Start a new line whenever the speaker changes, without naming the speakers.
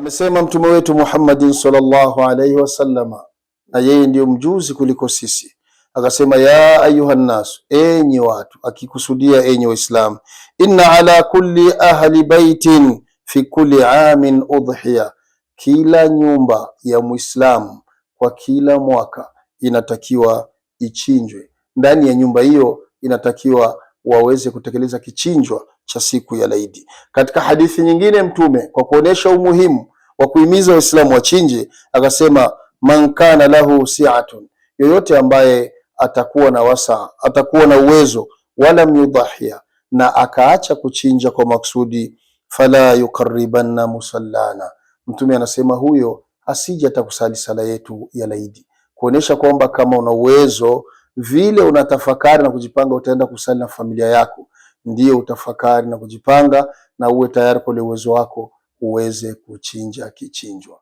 Amesema mtume wetu Muhammadin sallallahu alaihi wasallama, na yeye ndiyo mjuzi kuliko sisi, akasema ya nnas, enyi watu, akikusudia enyi Waislamu, inna ala kulli ahli baitin fi kulli amin udhiya, kila nyumba ya mwislamu kwa kila mwaka inatakiwa ichinjwe. Ndani ya nyumba hiyo inatakiwa waweze kutekeleza kichinjwa cha siku ya laidi. Katika hadithi nyingine, mtume kwa kuonesha umuhimu kwa kuhimiza Waislamu wachinje, akasema man kana lahu si'atun, yoyote ambaye atakuwa na wasaa, atakuwa na uwezo, wala yudahia, na akaacha kuchinja kwa maksudi, fala yukaribanna musallana, Mtume anasema huyo asije atakusali sala yetu ya laidi, kuonesha kwamba kama una uwezo vile unatafakari na kujipanga, utaenda kusali na familia yako, ndio utafakari na kujipanga na uwe tayari kwa ule uwezo wako uweze kuchinja kichinjwa.